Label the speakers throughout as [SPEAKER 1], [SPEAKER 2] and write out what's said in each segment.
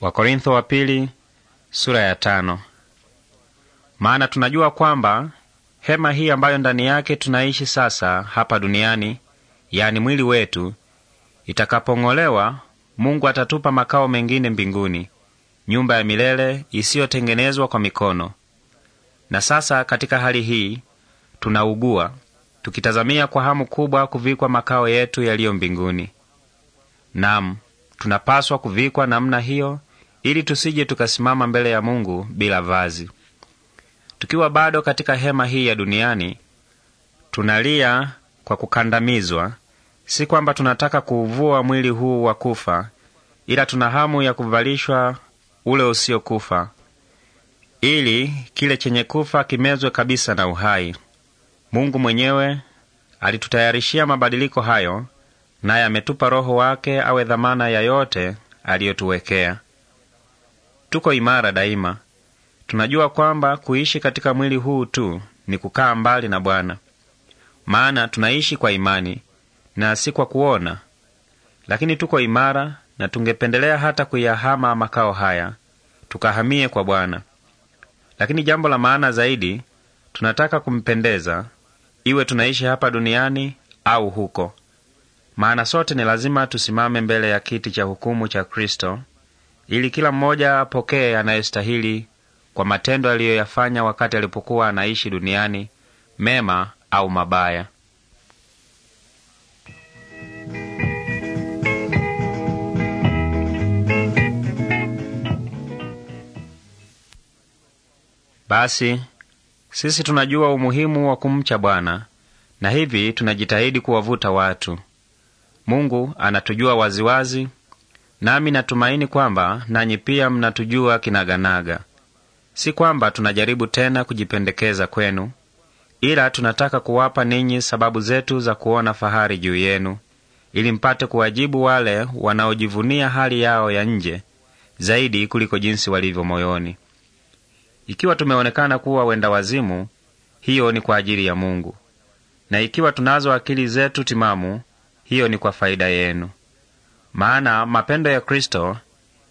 [SPEAKER 1] Wakorintho wa pili, sura ya tano. Maana tunajua kwamba hema hii ambayo ndani yake tunaishi sasa hapa duniani, yani mwili wetu, itakapong'olewa, Mungu atatupa makao mengine mbinguni, nyumba ya milele isiyotengenezwa kwa mikono. Na sasa katika hali hii tunaugua, tukitazamia kwa hamu kubwa kuvikwa makao yetu yaliyo mbinguni. Nam, tunapaswa kuvikwa namna hiyo ili tusije tukasimama mbele ya Mungu bila vazi. Tukiwa bado katika hema hii ya duniani, tunalia kwa kukandamizwa, si kwamba tunataka kuuvua mwili huu wa kufa, ila tuna hamu ya kuvalishwa ule usiokufa, ili kile chenye kufa kimezwe kabisa na uhai. Mungu mwenyewe alitutayarishia mabadiliko hayo, naye ametupa Roho wake awe dhamana ya yote aliyotuwekea. Tuko imara daima. Tunajua kwamba kuishi katika mwili huu tu ni kukaa mbali na Bwana, maana tunaishi kwa imani na si kwa kuona. Lakini tuko imara na tungependelea hata kuyahama makao haya tukahamie kwa Bwana. Lakini jambo la maana zaidi, tunataka kumpendeza, iwe tunaishi hapa duniani au huko, maana sote ni lazima tusimame mbele ya kiti cha hukumu cha Kristo ili kila mmoja apokee anayestahili kwa matendo aliyoyafanya wakati alipokuwa anaishi duniani, mema au mabaya. Basi sisi tunajua umuhimu wa kumcha Bwana na hivi tunajitahidi kuwavuta watu. Mungu anatujua waziwazi Nami natumaini kwamba nanyi pia mnatujua kinaganaga. Si kwamba tunajaribu tena kujipendekeza kwenu, ila tunataka kuwapa ninyi sababu zetu za kuona fahari juu yenu, ili mpate kuwajibu wale wanaojivunia hali yao ya nje zaidi kuliko jinsi walivyo moyoni. Ikiwa tumeonekana kuwa wenda wazimu, hiyo ni kwa ajili ya Mungu, na ikiwa tunazo akili zetu timamu, hiyo ni kwa faida yenu. Maana mapendo ya Kristo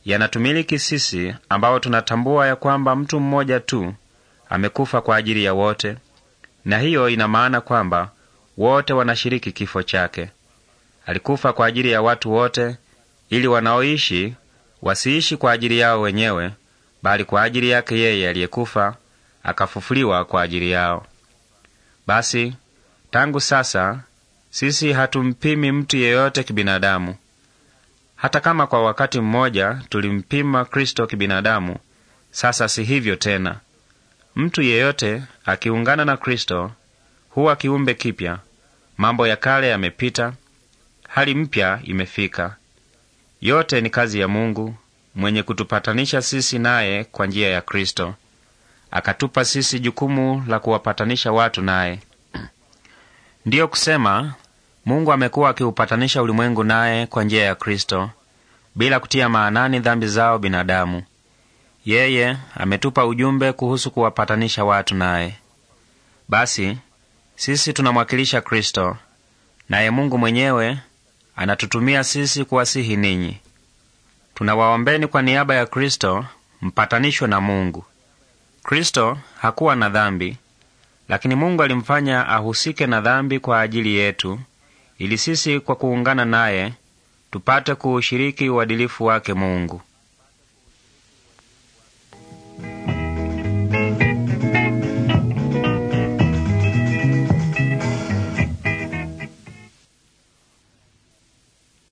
[SPEAKER 1] yanatumiliki sisi ambao tunatambua ya kwamba mtu mmoja tu amekufa kwa ajili ya wote, na hiyo ina maana kwamba wote wanashiriki kifo chake. Alikufa kwa ajili ya watu wote, ili wanaoishi wasiishi kwa ajili yao wenyewe, bali kwa ajili yake yeye aliyekufa akafufuliwa kwa ajili yao. Basi tangu sasa sisi hatumpimi mtu yeyote kibinadamu. Hata kama kwa wakati mmoja tulimpima Kristo kibinadamu, sasa si hivyo tena. Mtu yeyote akiungana na Kristo huwa kiumbe kipya. Mambo ya kale yamepita, hali mpya imefika. Yote ni kazi ya Mungu mwenye kutupatanisha sisi naye kwa njia ya Kristo, akatupa sisi jukumu la kuwapatanisha watu naye. Ndiyo kusema Mungu amekuwa akiupatanisha ulimwengu naye kwa njia ya Kristo, bila kutia maanani dhambi zao binadamu. Yeye ametupa ujumbe kuhusu kuwapatanisha watu naye. Basi sisi tunamwakilisha Kristo, naye Mungu mwenyewe anatutumia sisi kuwasihi ninyi. Tunawaombeni kwa niaba ya Kristo mpatanishwe na Mungu. Kristo hakuwa na dhambi, lakini Mungu alimfanya ahusike na dhambi kwa ajili yetu ili sisi kwa kuungana naye tupate kuushiriki uadilifu wake Mungu.